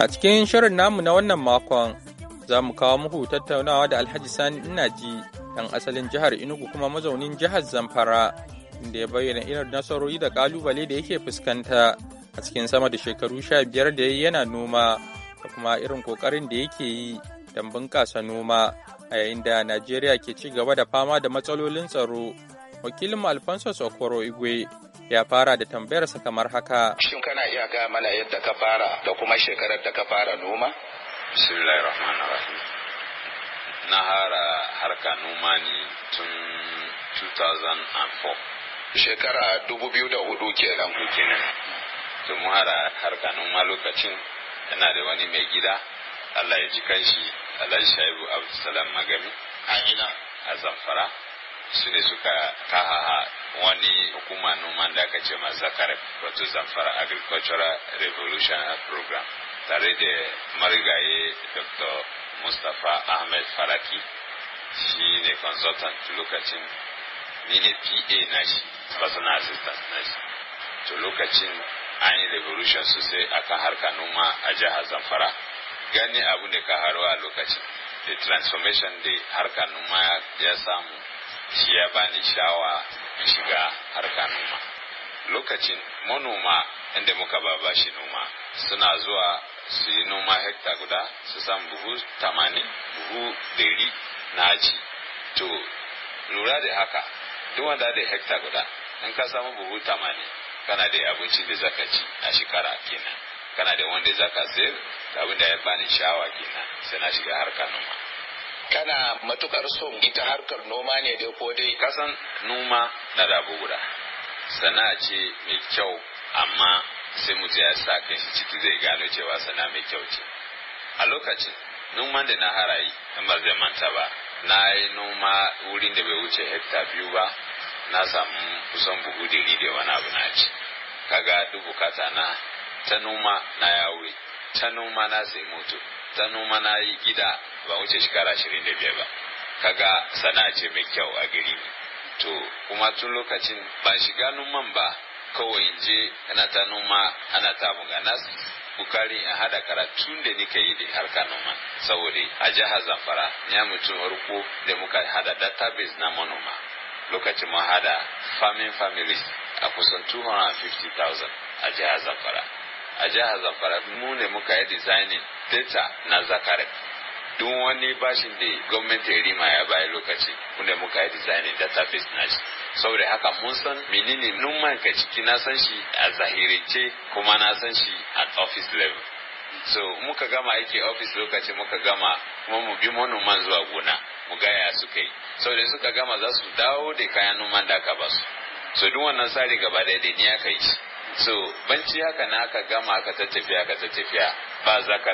A cikin shirin namu na wannan makon za mu kawo muku tattaunawa da Alhaji Sani Inaji ɗan asalin jihar Enugu kuma mazaunin jihar Zamfara inda ya bayyana irin nasarori da kalubale da yake fuskanta a cikin sama da shekaru sha biyar da ya yana noma da kuma irin kokarin da yake yi don bunƙasa noma a yayin da Najeriya ke ci gaba da fama da matsalolin tsaro. Wakilin Alfonso Sokoro Igwe ya fara da tambayarsa kamar haka. Shin iya ga mana yadda ka fara da kuma shekarar da ka fara noma bismillahir rahmanir rahim na hara harka noma ne tun 2004 shekara 2004 kenan kenan Tun hara harka noma lokacin yana da wani mai gida Allah ya ji kanshi Allah Shaibu Abdulsalam Magami a ina a Zamfara su ne suka kahaha wani hukuma noman da aka ce ma zakar wato zamfara agricultural revolution program tare da marigaye dr mustapha ahmed faraki shi ne consultant lokacin ni ne pa na shi personal assistant na shi to lokacin an yi revolution sosai akan harka noma a jihar zamfara gani abu ne ka haro a lokacin da transformation da harka noma ya samu shi ya bani shawa shiga harka noma lokacin manoma inda muka ba shi noma suna zuwa su yi noma hekta guda su san buhu tamanin buhu dari na aji to lura da haka duk wanda da hekta guda in ka samu buhu tamanin kana da abinci da zaka ci a shekara kenan kana da wanda zaka sayar da abin da ya bani shawa kenan sai na shiga harka noma kana matukar son ita harkar noma ne dai ko dai kasan noma na rabo guda sana'a ce mai kyau amma sai mu ya sa kan shi ciki zai gano cewa sana mai kyau ce a lokacin noman da na harayi amma ba zai manta ba na yi noma wurin da bai wuce hekta biyu ba na samu kusan buhu da wani abu na ci kaga dubu bukata na ta noma na yawo ta noma na sai moto ta noma na yi gida ba wuce shekara ashirin da biyar ba kaga sana ce mai kyau a gari to kuma tun lokacin ba shiga noman ba kawai je ana ta noma ana ta buganas bukari in hada karatu da nika yi da harka noma saboda a jihar zamfara ya mutum harko da muka hada database na manoma lokacin mu hada farming families a kusan 250,000 a jihar zamfara a jihar zamfara mu ne muka yi designing data na zakare duk wani bashin da gwamnati rima ya bayi lokaci wanda muka yi designing database na shi saboda haka mun san menene numan ka ciki na san shi a zahirance kuma na san shi at office level so muka gama aiki office lokaci muka gama kuma mu bi manoman zuwa gona mu gaya suka yi saboda suka gama za su dawo da kayan noman da aka basu so duk wannan tsari gaba da ni aka yi so banci haka na aka gama ka ta tafiya ka ta tafiya ba za ka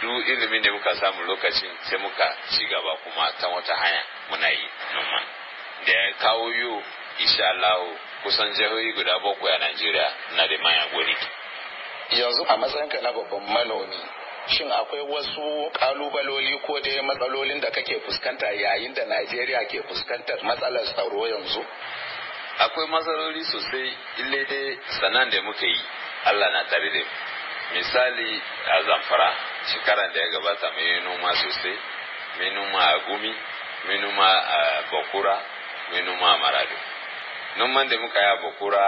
duk ilimi da muka samu lokacin sai muka ci gaba kuma ta wata hanya muna yi numan da ya kawo yau insha Allah kusan jihohi guda boko a Najeriya na da maya gori yanzu a matsayinka na babban manomi shin akwai wasu kalubaloli ko dai matsalolin da kake fuskanta yayin da Najeriya ke fuskantar matsalar tsaro yanzu akwai matsaloli sosai ille dai sanan da muka yi Allah na tare da misali a zamfara shekaran da ya gabata mai noma sosai mai noma a gumi mai noma a bakura mai noma a marado noman da muka yi a bakura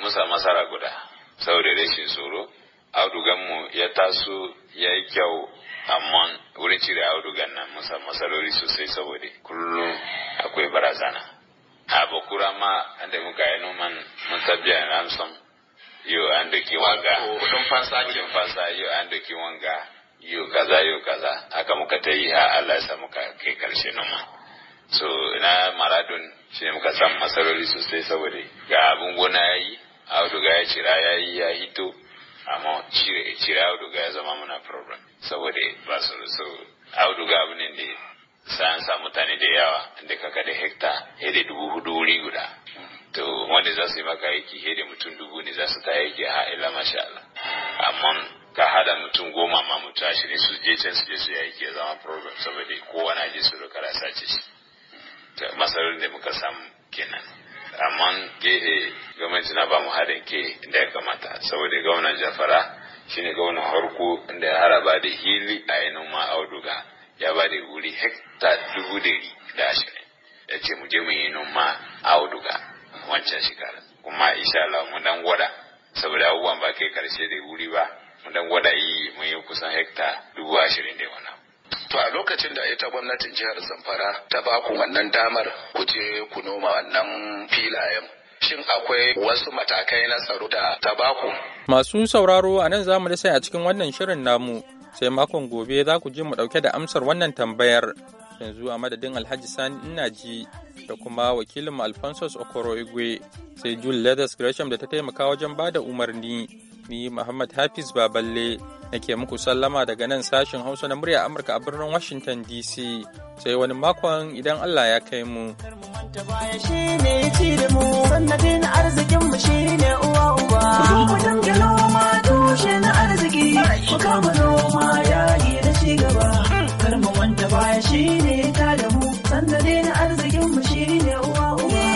musa masara guda saboda rashin tsoro auduganmu ya taso ya yi kyau amma wurin cire audugan nan musa masarori sosai saboda kullum akwai barazana kura ma ande muka eno man mutabya ransom yo ando kiwanga kudin fansa kudin fansa yo ando kiwanga yo kaza yo kaza aka muka ta yi ha Allah ya sa muka kai karshe noma so na maradon shi ne muka samu masarori sosai saboda ga abin gona ya yi auduga ya cira ya yi ya hito amma cire cira auduga ya zama muna problem saboda ba su so auduga abu ne da sai an sa mutane da yawa da kaka da hekta hede dubu hudu wuri guda to wanda za su yi maka aiki hede mutum dubu ne za su ta aiki a ila masha Allah amma ka hada mutum goma ma mutum ashirin su je can su je su aiki ya zama problem saboda kowa na je su da kara sace shi masarar da muka samu kenan amma gehe gwamnati na ba mu haɗin ke da ya kamata saboda gwamnan jafara shine gwamnan harko da ya haraba da hili a yanin ma auduga ya ba da wuri hekta ta dubu ɗari da ashirin ya ce mu je mu yi noma a auduga wancan shekara kuma insha Allah mu dan gwada saboda abubuwan ba kai karshe da wuri ba mu dan gwada yi mu yi kusan hekta dubu ashirin da wani To a lokacin da ita gwamnatin jihar Zamfara ta ba ku wannan damar ku je ku noma wannan filayen shin akwai wasu matakai na tsaro da ta ba ku? Masu sauraro a nan zamu da sai a cikin wannan shirin namu sai makon gobe za ku je mu dauke da amsar wannan tambayar yanzu a madadin alhaji sani ina ji da kuma wakilinmu alfonso okoro igwe sai jul leathers gresham da ta taimaka wajen ba da umarni ni muhammad hafiz baballe nake muku sallama daga nan sashen hausa na murya amurka a birnin washington dc sai wani makon idan allah ya kai mu arzikin mu